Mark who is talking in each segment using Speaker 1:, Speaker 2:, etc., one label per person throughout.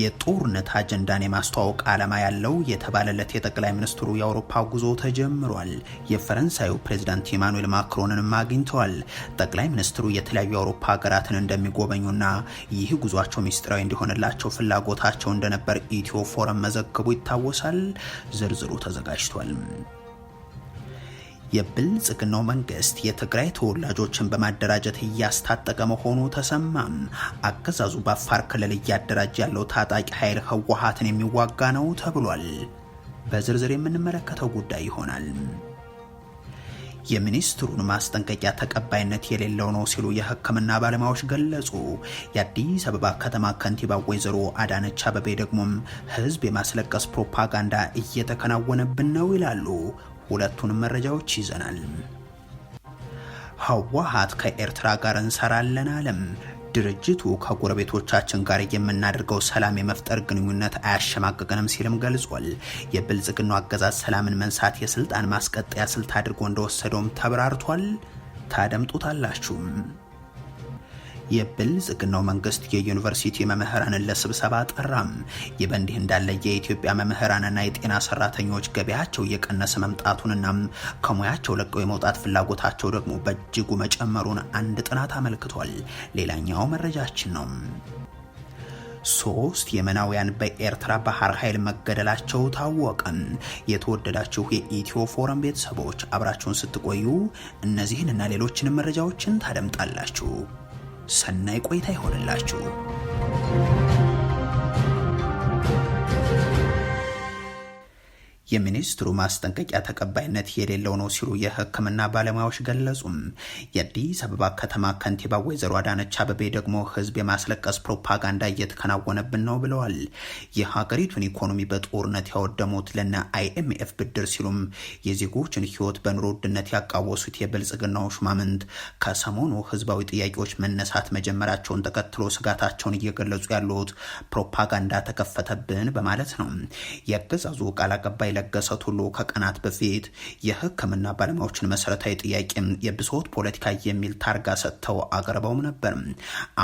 Speaker 1: የጦርነት አጀንዳን የማስተዋወቅ ዓላማ ያለው የተባለለት የጠቅላይ ሚኒስትሩ የአውሮፓ ጉዞ ተጀምሯል። የፈረንሳዩ ፕሬዚዳንት ኢማኑኤል ማክሮንንም አግኝተዋል። ጠቅላይ ሚኒስትሩ የተለያዩ የአውሮፓ ሀገራትን እንደሚጎበኙና ይህ ጉዟቸው ሚስጥራዊ እንዲሆንላቸው ፍላጎታቸው እንደነበር ኢትዮ ፎረም መዘገቡ ይታወሳል። ዝርዝሩ ተዘጋጅቷል። የብልጽግናው መንግስት የትግራይ ተወላጆችን በማደራጀት እያስታጠቀ መሆኑ ተሰማም። አገዛዙ በአፋር ክልል እያደራጀ ያለው ታጣቂ ኃይል ህወሓትን የሚዋጋ ነው ተብሏል። በዝርዝር የምንመለከተው ጉዳይ ይሆናል። የሚኒስትሩን ማስጠንቀቂያ ተቀባይነት የሌለው ነው ሲሉ የህክምና ባለሙያዎች ገለጹ። የአዲስ አበባ ከተማ ከንቲባ ወይዘሮ አዳነች አበቤ ደግሞም ህዝብ የማስለቀስ ፕሮፓጋንዳ እየተከናወነብን ነው ይላሉ። ሁለቱንም መረጃዎች ይዘናል። ህወሓት ከኤርትራ ጋር እንሰራለን አለም። ድርጅቱ ከጎረቤቶቻችን ጋር የምናደርገው ሰላም የመፍጠር ግንኙነት አያሸማቅቅንም ሲልም ገልጿል። የብልጽግናው አገዛዝ ሰላምን መንሳት የስልጣን ማስቀጠያ ስልት አድርጎ እንደወሰደውም ተብራርቷል። ታደምጡታላችሁም። የብልጽግናው መንግስት የዩኒቨርሲቲ መምህራንን ለስብሰባ ጠራም። ይህ በእንዲህ እንዳለ የኢትዮጵያ መምህራንና የጤና ሰራተኞች ገበያቸው እየቀነሰ መምጣቱንና ከሙያቸው ለቀው የመውጣት ፍላጎታቸው ደግሞ በእጅጉ መጨመሩን አንድ ጥናት አመልክቷል። ሌላኛው መረጃችን ነው። ሶስት የመናውያን በኤርትራ ባህር ኃይል መገደላቸው ታወቀ። የተወደዳችሁ የኢትዮ ፎረም ቤተሰቦች አብራችሁን ስትቆዩ እነዚህን እና ሌሎችንም መረጃዎችን ታደምጣላችሁ። ሰናይ ቆይታ ይሆንላችሁ። የሚኒስትሩ ማስጠንቀቂያ ተቀባይነት የሌለው ነው ሲሉ የሕክምና ባለሙያዎች ገለጹም። የአዲስ አበባ ከተማ ከንቲባ ወይዘሮ አዳነች አበቤ ደግሞ ህዝብ የማስለቀስ ፕሮፓጋንዳ እየተከናወነብን ነው ብለዋል። የሀገሪቱን ኢኮኖሚ በጦርነት ያወደሙት ለነ አይኤምኤፍ ብድር ሲሉም የዜጎችን ህይወት በኑሮ ውድነት ያቃወሱት የብልጽግናው ሹማምንት ከሰሞኑ ህዝባዊ ጥያቄዎች መነሳት መጀመራቸውን ተከትሎ ስጋታቸውን እየገለጹ ያሉት ፕሮፓጋንዳ ተከፈተብን በማለት ነው። የአገዛዙ ቃል አቀባይ ለገሰት ሁሉ ከቀናት በፊት የህክምና ባለሙያዎችን መሰረታዊ ጥያቄ የብሶት ፖለቲካ የሚል ታርጋ ሰጥተው አቅርበውም ነበር።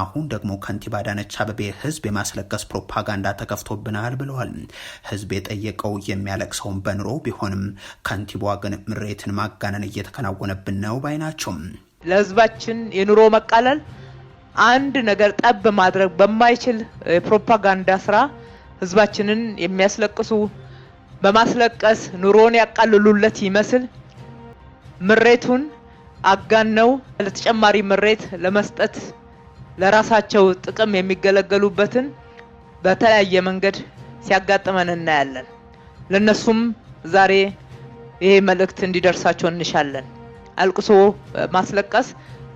Speaker 1: አሁን ደግሞ ከንቲባ አዳነች አበቤ ህዝብ የማስለቀስ ፕሮፓጋንዳ ተከፍቶብናል ብለዋል። ህዝብ የጠየቀው የሚያለቅሰውን በኑሮ ቢሆንም ከንቲባዋ ግን ምሬትን ማጋነን እየተከናወነብን ነው ባይ ናቸው።
Speaker 2: ለህዝባችን የኑሮ መቃለል አንድ ነገር ጠብ ማድረግ በማይችል የፕሮፓጋንዳ ስራ ህዝባችንን የሚያስለቅሱ በማስለቀስ ኑሮን ያቃልሉለት ይመስል ምሬቱን አጋነው ለተጨማሪ ምሬት ለመስጠት ለራሳቸው ጥቅም የሚገለገሉበትን በተለያየ መንገድ ሲያጋጥመን እናያለን። ለነሱም ዛሬ ይሄ መልእክት እንዲደርሳቸው እንሻለን። አልቅሶ ማስለቀስ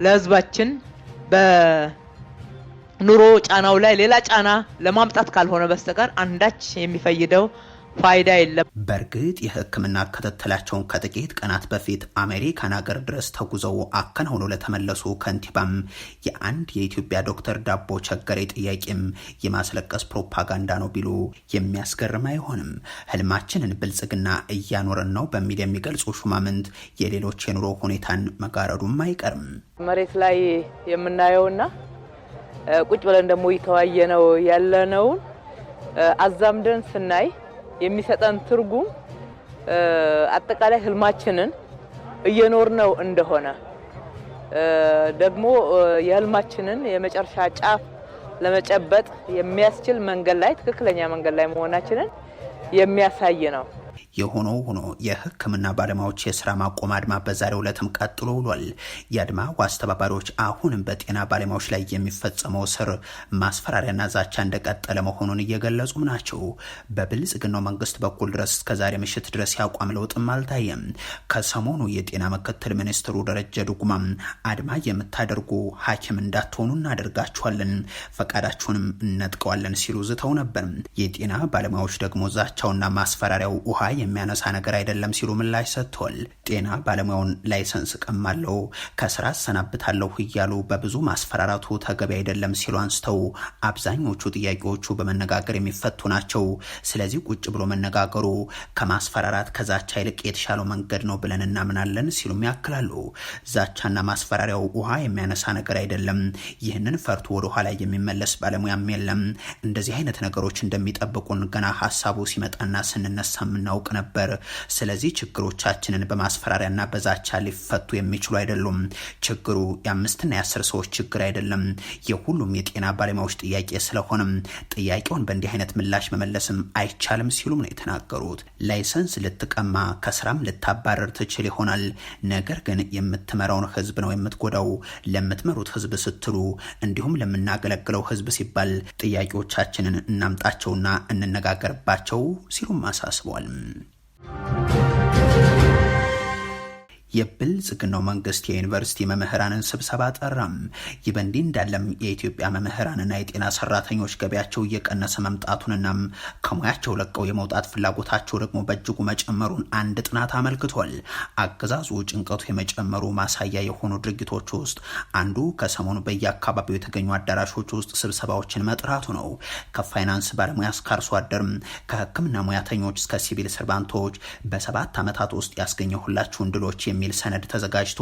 Speaker 2: ለሕዝባችን በኑሮ ጫናው ላይ ሌላ ጫና ለማምጣት ካልሆነ በስተቀር አንዳች የሚፈይደው ፋይዳ የለም።
Speaker 1: በእርግጥ የሕክምና ክትትላቸውን ከጥቂት ቀናት በፊት አሜሪካን ሀገር ድረስ ተጉዘው አከናውነው ለተመለሱ ከንቲባም የአንድ የኢትዮጵያ ዶክተር ዳቦ ቸገሬ ጥያቄም የማስለቀስ ፕሮፓጋንዳ ነው ቢሉ የሚያስገርም አይሆንም። ህልማችንን ብልጽግና እያኖረን ነው በሚል የሚገልጹ ሹማምንት የሌሎች የኑሮ ሁኔታን መጋረዱም አይቀርም።
Speaker 2: መሬት ላይ የምናየውና ቁጭ ብለን ደግሞ ይተዋየ ነው ያለነውን አዛምደን ስናይ የሚሰጠን ትርጉም አጠቃላይ ህልማችንን እየኖር ነው እንደሆነ ደግሞ የህልማችንን የመጨረሻ ጫፍ ለመጨበጥ የሚያስችል መንገድ ላይ ትክክለኛ መንገድ ላይ መሆናችንን የሚያሳይ ነው።
Speaker 1: የሆኖ ሆኖ የህክምና ባለሙያዎች የስራ ማቆም አድማ በዛሬው ዕለትም ቀጥሎ ውሏል። የአድማው አስተባባሪዎች አሁንም በጤና ባለሙያዎች ላይ የሚፈጸመው ስር ማስፈራሪያና ዛቻ እንደቀጠለ መሆኑን እየገለጹም ናቸው። በብልጽግናው መንግስት በኩል ድረስ እስከዛሬ ምሽት ድረስ ያቋም ለውጥም አልታየም። ከሰሞኑ የጤና ምክትል ሚኒስትሩ ደረጀ ዱጉማም አድማ የምታደርጉ ሐኪም እንዳትሆኑ እናደርጋችኋለን፣ ፈቃዳችሁንም እነጥቀዋለን ሲሉ ዝተው ነበር። የጤና ባለሙያዎች ደግሞ ዛቻውና ማስፈራሪያው ውሃ የሚያነሳ ነገር አይደለም ሲሉ ምላሽ ሰጥቷል። ጤና ባለሙያውን ላይሰንስ ቀማለው፣ ከስራ አሰናብታለሁ እያሉ በብዙ ማስፈራራቱ ተገቢ አይደለም ሲሉ አንስተው አብዛኞቹ ጥያቄዎቹ በመነጋገር የሚፈቱ ናቸው። ስለዚህ ቁጭ ብሎ መነጋገሩ ከማስፈራራት ከዛቻ ይልቅ የተሻለው መንገድ ነው ብለን እናምናለን ሲሉም ያክላሉ። ዛቻና ማስፈራሪያው ውሃ የሚያነሳ ነገር አይደለም። ይህንን ፈርቶ ወደ ኋላ የሚመለስ ባለሙያም የለም። እንደዚህ አይነት ነገሮች እንደሚጠብቁን ገና ሀሳቡ ሲመጣና ስንነሳ የምናውቅ ነበር። ስለዚህ ችግሮቻችንን በማስፈራሪያና በዛቻ ሊፈቱ የሚችሉ አይደሉም። ችግሩ የአምስትና የአስር ሰዎች ችግር አይደለም፣ የሁሉም የጤና ባለሙያዎች ጥያቄ ስለሆነም ጥያቄውን በእንዲህ አይነት ምላሽ መመለስም አይቻልም ሲሉም ነው የተናገሩት። ላይሰንስ ልትቀማ ከስራም ልታባረር ትችል ይሆናል፣ ነገር ግን የምትመራውን ህዝብ ነው የምትጎዳው። ለምትመሩት ህዝብ ስትሉ እንዲሁም ለምናገለግለው ህዝብ ሲባል ጥያቄዎቻችንን እናምጣቸውና እንነጋገርባቸው ሲሉም አሳስበዋል። Thank you. የብልጽግናው መንግስት የዩኒቨርሲቲ መምህራንን ስብሰባ ጠራም። ይህ በእንዲህ እንዳለም የኢትዮጵያ መምህራንና የጤና ሰራተኞች ገቢያቸው እየቀነሰ መምጣቱንና ከሙያቸው ለቀው የመውጣት ፍላጎታቸው ደግሞ በእጅጉ መጨመሩን አንድ ጥናት አመልክቷል። አገዛዙ ጭንቀቱ የመጨመሩ ማሳያ የሆኑ ድርጊቶች ውስጥ አንዱ ከሰሞኑ በየአካባቢው የተገኙ አዳራሾች ውስጥ ስብሰባዎችን መጥራቱ ነው። ከፋይናንስ ባለሙያ እስከ አርሶ አደርም፣ ከህክምና ሙያተኞች እስከ ሲቪል ሰርቫንቶች በሰባት ዓመታት ውስጥ ያስገኘ ሁላችሁን ድሎች የሚ የሚል ሰነድ ተዘጋጅቶ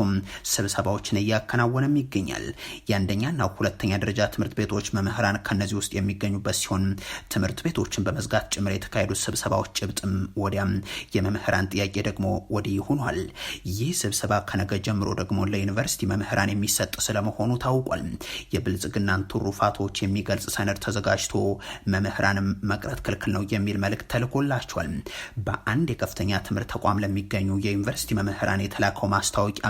Speaker 1: ስብሰባዎችን እያከናወነም ይገኛል። የአንደኛና ሁለተኛ ደረጃ ትምህርት ቤቶች መምህራን ከነዚህ ውስጥ የሚገኙበት ሲሆን ትምህርት ቤቶችን በመዝጋት ጭምር የተካሄዱ ስብሰባዎች ጭብጥም ወዲያም የመምህራን ጥያቄ ደግሞ ወዲህ ሆኗል። ይህ ስብሰባ ከነገ ጀምሮ ደግሞ ለዩኒቨርሲቲ መምህራን የሚሰጥ ስለመሆኑ ታውቋል። የብልጽግናን ትሩፋቶች የሚገልጽ ሰነድ ተዘጋጅቶ መምህራንም መቅረት ክልክል ነው የሚል መልእክት ተልኮላቸዋል። በአንድ የከፍተኛ ትምህርት ተቋም ለሚገኙ የዩኒቨርሲቲ መምህራን የተላ በላከው ማስታወቂያ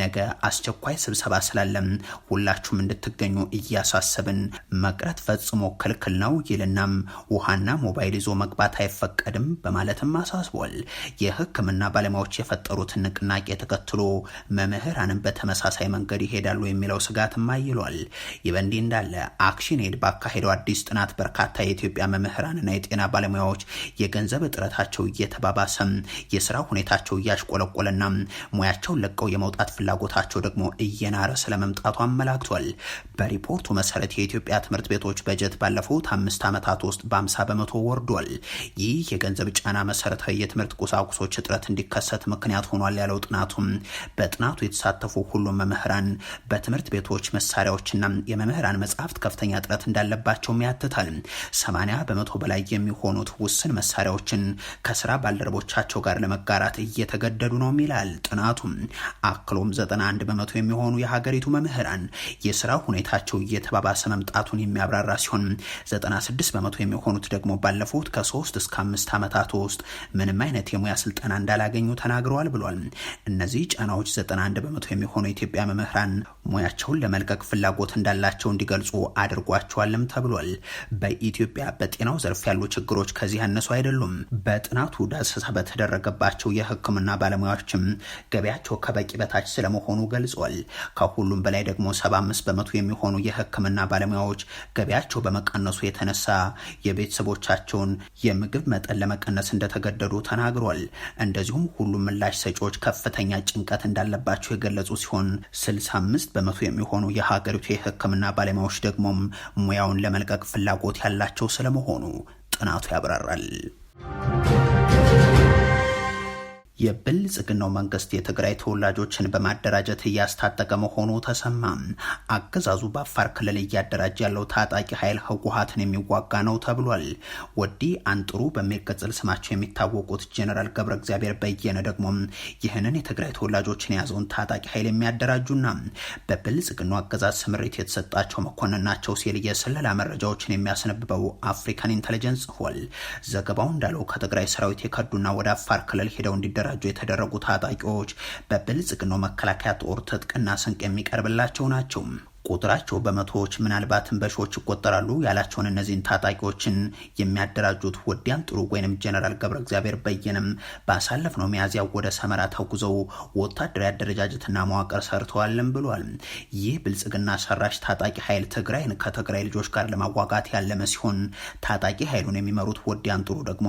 Speaker 1: ነገ አስቸኳይ ስብሰባ ስላለም ሁላችሁም እንድትገኙ እያሳሰብን መቅረት ፈጽሞ ክልክል ነው ይልናም ውሃና ሞባይል ይዞ መግባት አይፈቀድም በማለትም አሳስቧል። የሕክምና ባለሙያዎች የፈጠሩትን ንቅናቄ ተከትሎ መምህራንም በተመሳሳይ መንገድ ይሄዳሉ የሚለው ስጋትም አይሏል። ይህ በእንዲህ እንዳለ አክሽን ኤድ ባካሄደው አዲስ ጥናት በርካታ የኢትዮጵያ መምህራንና የጤና ባለሙያዎች የገንዘብ እጥረታቸው እየተባባሰም የስራ ሁኔታቸው እያሽቆለቆለና ሙያቸውን ለቀው የመውጣት ፍላጎታቸው ደግሞ እየናረ ስለመምጣቱ አመላክቷል። በሪፖርቱ መሰረት የኢትዮጵያ ትምህርት ቤቶች በጀት ባለፉት አምስት ዓመታት ውስጥ በአምሳ በመቶ ወርዷል። ይህ የገንዘብ ጫና መሰረታዊ የትምህርት ቁሳቁሶች እጥረት እንዲከሰት ምክንያት ሆኗል ያለው ጥናቱም በጥናቱ የተሳተፉ ሁሉም መምህራን በትምህርት ቤቶች መሳሪያዎችና የመምህራን መጽሐፍት ከፍተኛ እጥረት እንዳለባቸውም ያትታል። 80 በመቶ በላይ የሚሆኑት ውስን መሳሪያዎችን ከስራ ባልደረቦቻቸው ጋር ለመጋራት እየተገደዱ ነው ይላል። ጥናቱ አክሎም 91 በመቶ የሚሆኑ የሀገሪቱ መምህራን የስራ ሁኔታቸው እየተባባሰ መምጣቱን የሚያብራራ ሲሆን 96 በመቶ የሚሆኑት ደግሞ ባለፉት ከሶስት እስከ አምስት ዓመታት ውስጥ ምንም አይነት የሙያ ስልጠና እንዳላገኙ ተናግረዋል ብሏል። እነዚህ ጫናዎች 91 በመቶ የሚሆኑ የኢትዮጵያ መምህራን ሙያቸውን ለመልቀቅ ፍላጎት እንዳላቸው እንዲገልጹ አድርጓቸዋልም ተብሏል። በኢትዮጵያ በጤናው ዘርፍ ያሉ ችግሮች ከዚህ ያነሱ አይደሉም። በጥናቱ ዳሰሳ በተደረገባቸው የሕክምና ባለሙያዎችም ገበያቸው ከበቂ በታች ስለመሆኑ ገልጿል። ከሁሉም በላይ ደግሞ 75 በመቶ የሚሆኑ የሕክምና ባለሙያዎች ገበያቸው በመቀነሱ የተነሳ የቤተሰቦቻቸውን የምግብ መጠን ለመቀነስ እንደተገደዱ ተናግሯል። እንደዚሁም ሁሉም ምላሽ ሰጪዎች ከፍተኛ ጭንቀት እንዳለባቸው የገለጹ ሲሆን 65 በመቶ የሚሆኑ የሀገሪቱ የሕክምና ባለሙያዎች ደግሞም ሙያውን ለመልቀቅ ፍላጎት ያላቸው ስለመሆኑ ጥናቱ ያብራራል። የብልጽግናው መንግስት የትግራይ ተወላጆችን በማደራጀት እያስታጠቀ መሆኑ ተሰማ። አገዛዙ በአፋር ክልል እያደራጀ ያለው ታጣቂ ኃይል ህወሓትን የሚዋጋ ነው ተብሏል። ወዲ አንጥሩ በሚቀጽል ስማቸው የሚታወቁት ጀኔራል ገብረ እግዚአብሔር በየነ ደግሞ ይህንን የትግራይ ተወላጆችን የያዘውን ታጣቂ ኃይል የሚያደራጁና በብልጽግናው አገዛዝ ስምሪት የተሰጣቸው መኮንን ናቸው ሲል የስለላ መረጃዎችን የሚያስነብበው አፍሪካን ኢንተለጀንስ ጽፏል ዘገባው እንዳለው ከትግራይ ሰራዊት የከዱና ወደ አፋር ክልል ሄደው እንዲደ እንዲደራጁ የተደረጉ ታጣቂዎች በብልጽግናው መከላከያ ጦር ትጥቅና ስንቅ የሚቀርብላቸው ናቸው። ቁጥራቸው በመቶዎች ምናልባትም በሺዎች ይቆጠራሉ ያላቸውን እነዚህን ታጣቂዎችን የሚያደራጁት ወዲያን ጥሩ ወይንም ጀነራል ገብረ እግዚአብሔር በየንም ባሳለፍነው ሚያዝያ ወደ ሰመራ ተጉዘው ወታደራዊ አደረጃጀትና መዋቅር ሰርተዋልም ብሏል። ይህ ብልጽግና ሰራሽ ታጣቂ ኃይል ትግራይን ከትግራይ ልጆች ጋር ለማዋጋት ያለመ ሲሆን ታጣቂ ኃይሉን የሚመሩት ወዲያን ጥሩ ደግሞ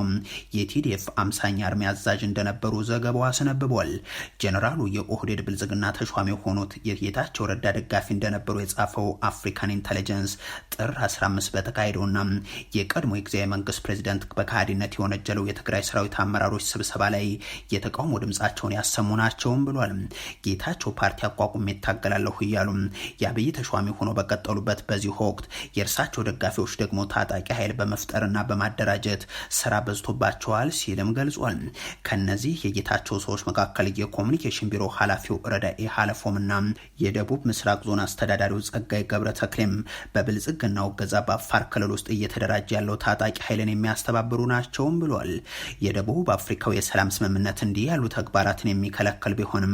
Speaker 1: የቲዲኤፍ አምሳኛ አርሚ አዛዥ እንደነበሩ ዘገባው አስነብቧል። ጀነራሉ የኦህዴድ ብልጽግና ተሿሚ የሆኑት የጌታቸው ረዳ ደጋፊ እንደነበሩ የጻፈው አፍሪካን ኢንቴሊጀንስ ጥር 15 በተካሄደውና የቀድሞ የጊዜያዊ መንግስት ፕሬዚደንት በካሃዲነት የወነጀለው የትግራይ ሰራዊት አመራሮች ስብሰባ ላይ የተቃውሞ ድምጻቸውን ያሰሙ ናቸውም ብሏል። ጌታቸው ፓርቲ አቋቁም ይታገላለሁ እያሉ የአብይ ተሿሚ ሆኖ በቀጠሉበት በዚህ ወቅት የእርሳቸው ደጋፊዎች ደግሞ ታጣቂ ኃይል በመፍጠርና በማደራጀት ስራ በዝቶባቸዋል ሲልም ገልጿል። ከነዚህ የጌታቸው ሰዎች መካከል የኮሚኒኬሽን ቢሮ ኃላፊው ረዳኤ ሀለፎምና የደቡብ ምስራቅ ዞን አስተዳዳሪ ጀነራሉ ጸጋይ ገብረ ተክሌም በብልጽግናው ገዛ በአፋር ክልል ውስጥ እየተደራጀ ያለው ታጣቂ ኃይልን የሚያስተባብሩ ናቸውም ብሏል። የደቡብ አፍሪካው የሰላም ስምምነት እንዲህ ያሉ ተግባራትን የሚከለክል ቢሆንም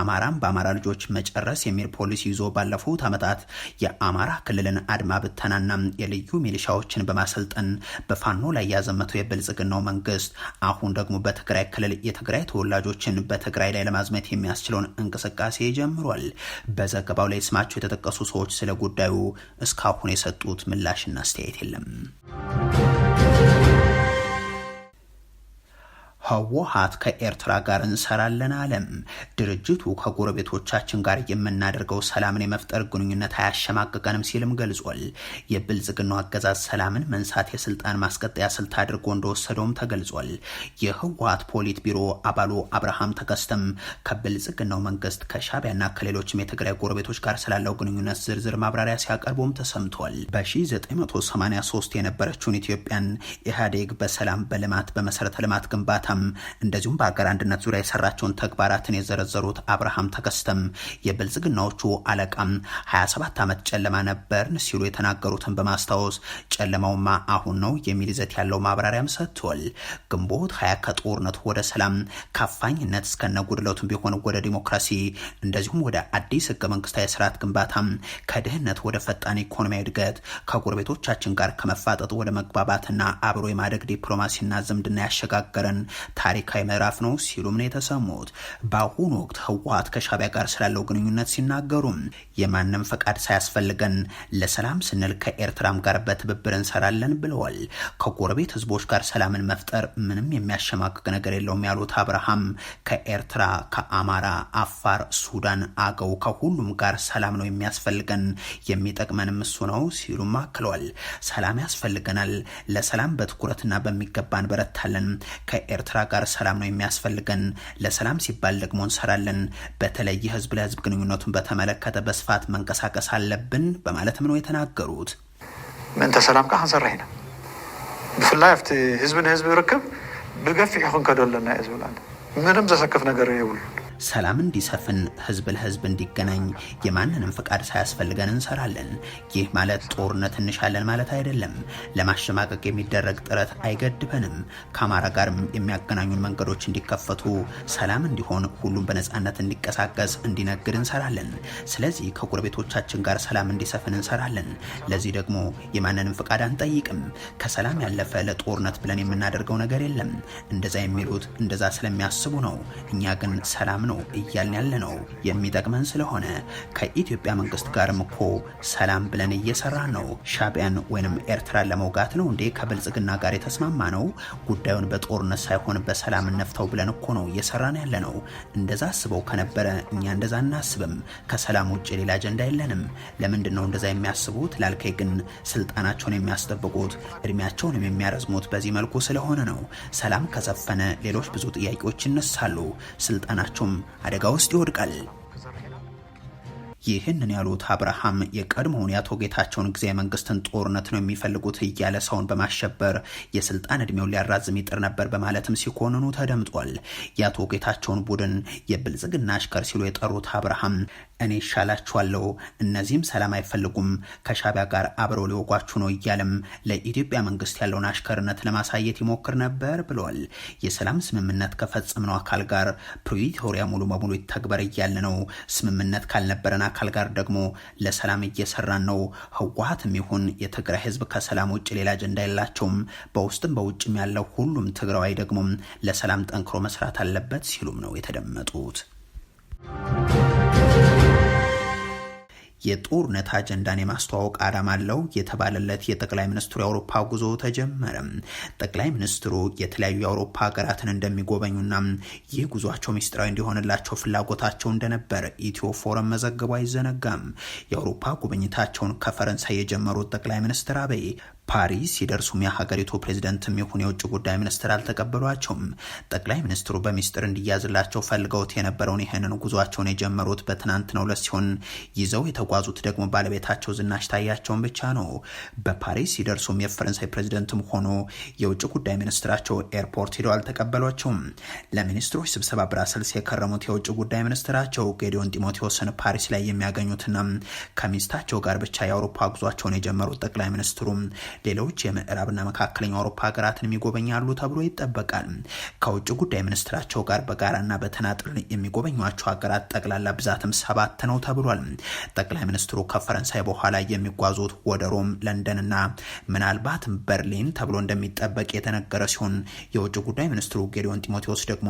Speaker 1: አማራም በአማራ ልጆች መጨረስ የሚል ፖሊሲ ይዞ ባለፉት ዓመታት የአማራ ክልልን አድማ ብተናና የልዩ ሚሊሻዎችን በማሰልጠን በፋኖ ላይ ያዘመተው የብልጽግናው መንግስት አሁን ደግሞ በትግራይ ክልል የትግራይ ተወላጆችን በትግራይ ላይ ለማዝመት የሚያስችለውን እንቅስቃሴ ጀምሯል። በዘገባው ላይ ስማቸው የተጠቀሱ ሰዎች ስለ ጉዳዩ እስካሁን የሰጡት ምላሽና አስተያየት የለም። ህወሓት ከኤርትራ ጋር እንሰራለን አለም። ድርጅቱ ከጎረቤቶቻችን ጋር የምናደርገው ሰላምን የመፍጠር ግንኙነት አያሸማቅቀንም ሲልም ገልጿል። የብልጽግናው አገዛዝ ሰላምን መንሳት የስልጣን ማስቀጠያ ስልት አድርጎ እንደወሰደውም ተገልጿል። የህወሓት ፖሊት ቢሮ አባሉ አብርሃም ተከስተም ከብልጽግናው መንግስት ከሻቢያና ከሌሎችም የትግራይ ጎረቤቶች ጋር ስላለው ግንኙነት ዝርዝር ማብራሪያ ሲያቀርቡም ተሰምቷል። በ1983 የነበረችውን ኢትዮጵያን ኢህአዴግ በሰላም በልማት በመሰረተ ልማት ግንባታ አብርሃም እንደዚሁም በሀገር አንድነት ዙሪያ የሰራቸውን ተግባራትን የዘረዘሩት አብርሃም ተከስተም የብልጽግናዎቹ አለቃም 27 ዓመት ጨለማ ነበርን ሲሉ የተናገሩትን በማስታወስ ጨለማውማ አሁን ነው የሚል ይዘት ያለው ማብራሪያም ሰጥቷል። ግንቦት ሀያ ከጦርነት ወደ ሰላም ካፋኝነት እስከነ ቢሆን ወደ ዲሞክራሲ እንደዚሁም ወደ አዲስ ህገ መንግስታዊ ስርዓት ግንባታ ከድህነት ወደ ፈጣን ኢኮኖሚያዊ እድገት ከጎረቤቶቻችን ጋር ከመፋጠጥ ወደ መግባባትና አብሮ የማደግ ዲፕሎማሲና ዝምድና ያሸጋገረን ታሪካዊ ምዕራፍ ነው ሲሉም ነው የተሰሙት። በአሁኑ ወቅት ህወሀት ከሻቢያ ጋር ስላለው ግንኙነት ሲናገሩ የማንም ፈቃድ ሳያስፈልገን ለሰላም ስንል ከኤርትራም ጋር በትብብር እንሰራለን ብለዋል። ከጎረቤት ህዝቦች ጋር ሰላምን መፍጠር ምንም የሚያሸማቅቅ ነገር የለውም ያሉት አብርሃም ከኤርትራ፣ ከአማራ፣ አፋር፣ ሱዳን፣ አገው ከሁሉም ጋር ሰላም ነው የሚያስፈልገን የሚጠቅመንም እሱ ነው ሲሉም አክለዋል። ሰላም ያስፈልገናል። ለሰላም በትኩረትና በሚገባ እንበረታለን። ከኤርትራ ከኤርትራ ጋር ሰላም ነው የሚያስፈልገን። ለሰላም ሲባል ደግሞ እንሰራለን። በተለይ ህዝብ ለህዝብ ግንኙነቱን በተመለከተ በስፋት መንቀሳቀስ አለብን በማለትም ነው የተናገሩት።
Speaker 3: ምእንተ ሰላም ካ ክንሰርሕ ኢና ብፍላይ ኣብቲ ህዝቢ ንህዝቢ ርክብ ብገፊሕ ክንከደሎ ና ዝብል ምንም ዘሰክፍ ነገር የብሉ
Speaker 1: ሰላም እንዲሰፍን፣ ህዝብ ለህዝብ እንዲገናኝ የማንንም ፍቃድ ሳያስፈልገን እንሰራለን። ይህ ማለት ጦርነት እንሻለን ማለት አይደለም። ለማሸማቀቅ የሚደረግ ጥረት አይገድበንም። ከአማራ ጋርም የሚያገናኙን መንገዶች እንዲከፈቱ፣ ሰላም እንዲሆን፣ ሁሉም በነፃነት እንዲቀሳቀስ፣ እንዲነግድ እንሰራለን። ስለዚህ ከጎረቤቶቻችን ጋር ሰላም እንዲሰፍን እንሰራለን። ለዚህ ደግሞ የማንንም ፍቃድ አንጠይቅም። ከሰላም ያለፈ ለጦርነት ብለን የምናደርገው ነገር የለም። እንደዛ የሚሉት እንደዛ ስለሚያስቡ ነው። እኛ ግን ሰላም ነው እያልን ያለ ነው። የሚጠቅመን ስለሆነ ከኢትዮጵያ መንግስት ጋርም እኮ ሰላም ብለን እየሰራ ነው። ሻቢያን ወይንም ኤርትራን ለመውጋት ነው እንዴ ከብልጽግና ጋር የተስማማ ነው? ጉዳዩን በጦርነት ሳይሆን በሰላም ነፍተው ብለን እኮ ነው እየሰራን ያለ ነው። እንደዛ አስበው ከነበረ እኛ እንደዛ እናስብም። ከሰላም ውጭ ሌላ አጀንዳ የለንም። ለምንድን ነው እንደዛ የሚያስቡት ላልከኝ፣ ግን ስልጣናቸውን የሚያስጠብቁት እድሜያቸውንም የሚያረዝሙት በዚህ መልኩ ስለሆነ ነው። ሰላም ከሰፈነ ሌሎች ብዙ ጥያቄዎች ይነሳሉ። ስልጣናቸውም አደጋ ውስጥ ይወድቃል። ይህንን ያሉት አብርሃም የቀድሞውን የአቶ ጌታቸውን ጊዜ መንግስትን ጦርነት ነው የሚፈልጉት እያለ ሰውን በማሸበር የስልጣን እድሜውን ሊያራዝም ይጥር ነበር በማለትም ሲኮንኑ ተደምጧል። የአቶ ጌታቸውን ቡድን የብልጽግና አሽከር ሲሉ የጠሩት አብርሃም እኔ ይሻላችኋለሁ፣ እነዚህም ሰላም አይፈልጉም፣ ከሻቢያ ጋር አብረው ሊወጓችሁ ነው እያለም ለኢትዮጵያ መንግስት ያለውን አሽከርነት ለማሳየት ይሞክር ነበር ብለዋል። የሰላም ስምምነት ከፈጸምነው አካል ጋር ፕሪቶሪያ ሙሉ በሙሉ ይተግበር እያለ ነው። ስምምነት ካልነበረን አካል ጋር ደግሞ ለሰላም እየሰራን ነው። ህወሀትም ይሁን የትግራይ ህዝብ ከሰላም ውጭ ሌላ አጀንዳ የላቸውም። በውስጥም በውጭም ያለው ሁሉም ትግራዋይ ደግሞ ለሰላም ጠንክሮ መስራት አለበት ሲሉም ነው የተደመጡት። የጦርነት አጀንዳን የማስተዋወቅ አላማ አለው የተባለለት የጠቅላይ ሚኒስትሩ የአውሮፓ ጉዞ ተጀመረ። ጠቅላይ ሚኒስትሩ የተለያዩ የአውሮፓ ሀገራትን እንደሚጎበኙና ይህ ጉዟቸው ሚስጥራዊ እንዲሆንላቸው ፍላጎታቸው እንደነበር ኢትዮ ፎረም መዘገቡ አይዘነጋም። የአውሮፓ ጉብኝታቸውን ከፈረንሳይ የጀመሩት ጠቅላይ ሚኒስትር አብይ ፓሪስ ሲደርሱም የሀገሪቱ ፕሬዚደንትም ይሁን የውጭ ጉዳይ ሚኒስትር አልተቀበሏቸውም። ጠቅላይ ሚኒስትሩ በሚስጥር እንዲያዝላቸው ፈልገውት የነበረውን ይህንን ጉዟቸውን የጀመሩት በትናንትናው ዕለት ሲሆን ይዘው የተጓዙት ደግሞ ባለቤታቸው ዝናሽ ታያቸውን ብቻ ነው። በፓሪስ ሲደርሱም የፈረንሳይ ፕሬዚደንትም ሆኖ የውጭ ጉዳይ ሚኒስትራቸው ኤርፖርት ሂደው አልተቀበሏቸውም። ለሚኒስትሮች ስብሰባ ብራሰልስ የከረሙት የውጭ ጉዳይ ሚኒስትራቸው ጌዲዮን ጢሞቴዎስን ፓሪስ ላይ የሚያገኙትና ከሚስታቸው ጋር ብቻ የአውሮፓ ጉዟቸውን የጀመሩት ጠቅላይ ሚኒስትሩም። ሌሎች የምዕራብና መካከለኛው አውሮፓ ሀገራትን ይጎበኛሉ ተብሎ ይጠበቃል። ከውጭ ጉዳይ ሚኒስትራቸው ጋር በጋራና በተናጥል የሚጎበኟቸው ሀገራት ጠቅላላ ብዛትም ሰባት ነው ተብሏል። ጠቅላይ ሚኒስትሩ ከፈረንሳይ በኋላ የሚጓዙት ወደ ሮም፣ ለንደንና ምናልባት በርሊን ተብሎ እንደሚጠበቅ የተነገረ ሲሆን የውጭ ጉዳይ ሚኒስትሩ ጌዲዮን ጢሞቴዎስ ደግሞ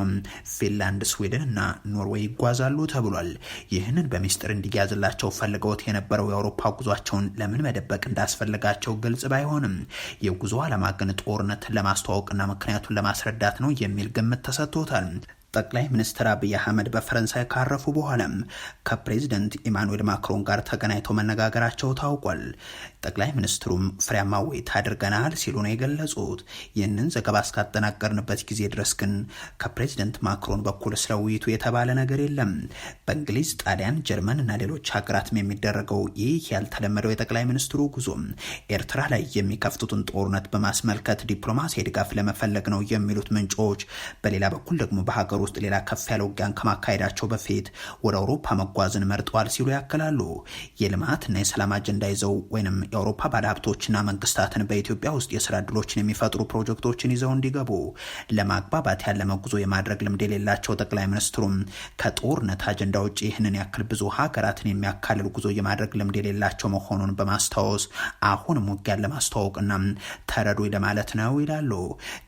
Speaker 1: ፊንላንድ፣ ስዊድን እና ኖርዌይ ይጓዛሉ ተብሏል። ይህንን በሚስጥር እንዲያዝላቸው ፈልገውት የነበረው የአውሮፓ ጉዟቸውን ለምን መደበቅ እንዳስፈለጋቸው ግልጽ ባይሆን ቢሆንም የጉዞ ዓለም አቀፍ ጦርነት ለማስተዋወቅና ምክንያቱን ለማስረዳት ነው የሚል ግምት ተሰጥቶታል። ጠቅላይ ሚኒስትር አብይ አህመድ በፈረንሳይ ካረፉ በኋላም ከፕሬዚደንት ኢማኑኤል ማክሮን ጋር ተገናኝተው መነጋገራቸው ታውቋል። ጠቅላይ ሚኒስትሩም ፍሬያማ ውይይት አድርገናል ሲሉ ነው የገለጹት። ይህንን ዘገባ እስካጠናቀርንበት ጊዜ ድረስ ግን ከፕሬዚደንት ማክሮን በኩል ስለ ውይይቱ የተባለ ነገር የለም። በእንግሊዝ፣ ጣሊያን፣ ጀርመን እና ሌሎች ሀገራትም የሚደረገው ይህ ያልተለመደው የጠቅላይ ሚኒስትሩ ጉዞም ኤርትራ ላይ የሚከፍቱትን ጦርነት በማስመልከት ዲፕሎማሲ ድጋፍ ለመፈለግ ነው የሚሉት ምንጮች፣ በሌላ በኩል ደግሞ በሀገሩ ውስጥ ሌላ ከፍ ያለ ውጊያን ከማካሄዳቸው በፊት ወደ አውሮፓ መጓዝን መርጠዋል ሲሉ ያክላሉ። የልማትና የሰላም አጀንዳ ይዘው ወይም የአውሮፓ ባለሀብቶችና መንግስታትን በኢትዮጵያ ውስጥ የስራ እድሎችን የሚፈጥሩ ፕሮጀክቶችን ይዘው እንዲገቡ ለማግባባት ያለመ ጉዞ የማድረግ ልምድ የሌላቸው ጠቅላይ ሚኒስትሩም ከጦርነት አጀንዳ ውጭ ይህንን ያክል ብዙ ሀገራትን የሚያካልል ጉዞ የማድረግ ልምድ የሌላቸው መሆኑን በማስታወስ አሁንም ውጊያን ለማስተዋወቅና ተረዶ ለማለት ነው ይላሉ።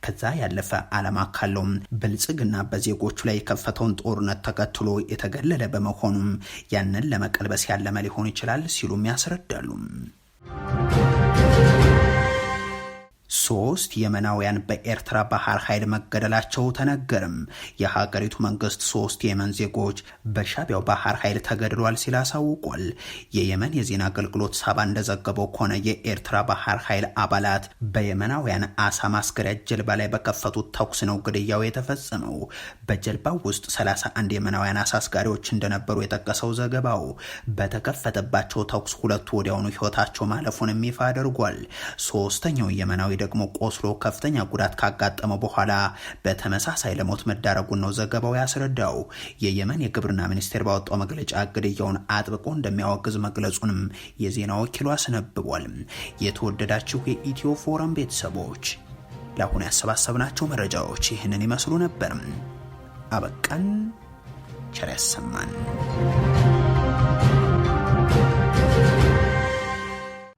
Speaker 1: ከዛ ያለፈ አለም አካለውም ብልጽግና በዜጎ በዜጎቹ ላይ የከፈተውን ጦርነት ተከትሎ የተገለለ በመሆኑም ያንን ለመቀልበስ ያለመ ሊሆን ይችላል ሲሉም ያስረዳሉ። ሶስት የመናውያን በኤርትራ ባህር ኃይል መገደላቸው ተነገርም። የሀገሪቱ መንግስት ሶስት የየመን ዜጎች በሻቢያው ባህር ኃይል ተገድሏል ሲል አሳውቋል። የየመን የዜና አገልግሎት ሳባ እንደዘገበው ከሆነ የኤርትራ ባህር ኃይል አባላት በየመናውያን አሳ ማስገሪያ ጀልባ ላይ በከፈቱት ተኩስ ነው ግድያው የተፈጸመው። በጀልባው ውስጥ 31 የመናውያን አሳ አስጋሪዎች እንደነበሩ የጠቀሰው ዘገባው በተከፈተባቸው ተኩስ ሁለቱ ወዲያውኑ ህይወታቸው ማለፉንም ይፋ አድርጓል። ሶስተኛው የመናዊ ደግሞ ቆስሎ ከፍተኛ ጉዳት ካጋጠመ በኋላ በተመሳሳይ ለሞት መዳረጉን ነው ዘገባው ያስረዳው። የየመን የግብርና ሚኒስቴር ባወጣው መግለጫ ግድያውን አጥብቆ እንደሚያወግዝ መግለጹንም የዜና ወኪሉ አስነብቧል። የተወደዳችሁ የኢትዮ ፎረም ቤተሰቦች ለአሁኑ ያሰባሰብናቸው መረጃዎች ይህንን ይመስሉ ነበር። አበቃን። ቸር ያሰማን።